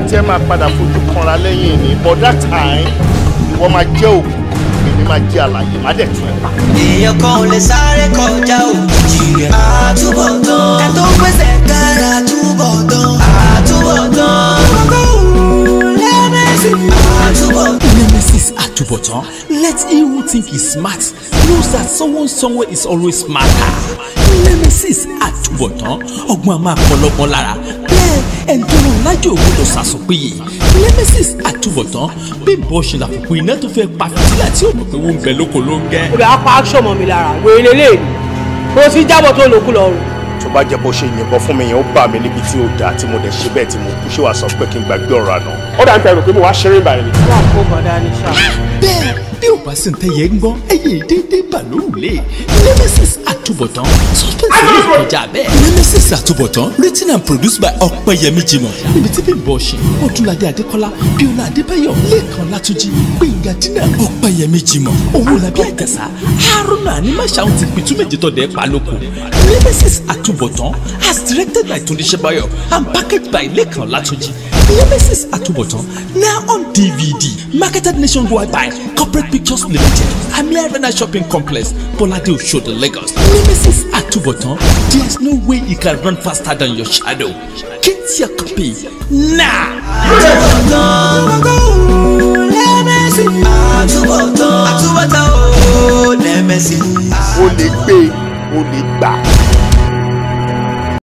àti ẹ máa padà fojú kanra lẹ́yìn ni but that time ìwọ máa jẹ́ òkú èmi máa jẹ́ àlàyé má dẹ̀ tún ẹ̀ pa. èèyàn kan ò lè sáré kọjá òjì rẹ̀. àtúbọ̀ tán ẹ tó pèsè kára túbọ̀ tán. àtúbọ̀ tán kókó lẹ́mẹ̀sì. àtúbọ̀ tán. nemesis àtúbọ̀tán let him think he smart knows that someone somewhere is always smarter nemesis àtúbọ̀tán ọgbọ́n a máa pọ̀ lọ́gbọ́n lára ẹ̀ńtọ́rọ̀ lájò gbọdọ̀ sàsùnpé nemesis àtúbọ̀tán bímbọ ṣe làkùkù iná tó fẹ́ pa fìtílà tí ò mọ̀ pé wọ́n ń bẹ lóko ló ń gẹ́. ó dàá pa action mọ́ mi lára wèrè lè kó sí jábọ̀ tó lòkù lọ́rùn. tó bá jẹ́ bó ṣe yìnbọn fún mi yẹn ó bà mí níbi tí ó dà tí mo dẹ̀ ṣe bẹ́ẹ̀ tí mo kú ṣé wàá sọ pé kí n gbàgbé ọ̀rọ̀ àná. ó dà ń tẹ̀rù bí ò bá sí ntẹ́yẹ ń gbọ́ ẹyẹ dédé bà lórùlé nemesis àtúbọ̀tán suspense lè kọjá bẹ́ẹ̀. nemesis àtúbọ̀tán written and produced by ọ̀pẹ̀yẹmí jimoh níbi tí bímbọ ṣe ọdúnladé adékọlá bíọ́lá adébáyọ̀ lẹ́kàn látúnjì gbẹ̀ngà dínà ọ̀pẹ̀yẹmí la owólabí àjàsà haruna animasha ti pitú méje tó dẹ̀ pa lóko nemesis àtúbọ̀tán as directed by tunde sebayo and packaged by lẹ́kàn látúnjì Nemesis Atubotan now on DVD, marketed nationwide by Corporate Pictures Limited, Amir Arena Shopping Complex, show the Lagos. Nemesis Atubotan, there is no way you can run faster than your shadow. Get your copy now! Nah. o lè gbé o lè gbà.